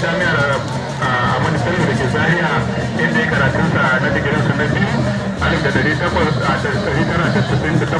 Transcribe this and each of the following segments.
jami'ar uh, a Bello da ke Zaria inda ya karatunsa na digirinsa na biyu da dari a dari da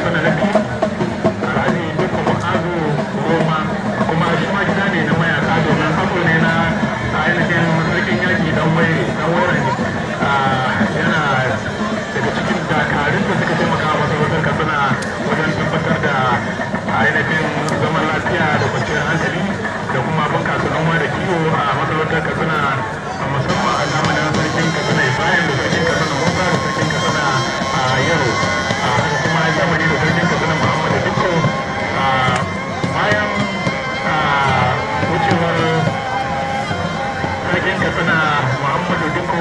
katsina muhammadu diko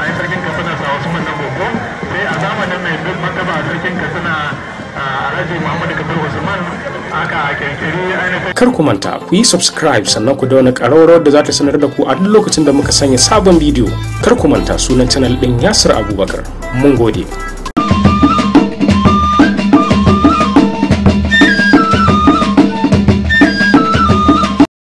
a yi sarkin katsina sa wasu na gogo sai a zamanin mai bin martaba sarkin katsina alhaji muhammadu kabir usman aka kirkiri ainihin kar ku manta ku yi subscribe sannan ku dauna ƙararrawar da za ta sanar da ku a duk lokacin da muka sanya sabon bidiyo kar ku manta sunan channel ɗin yasir abubakar mun gode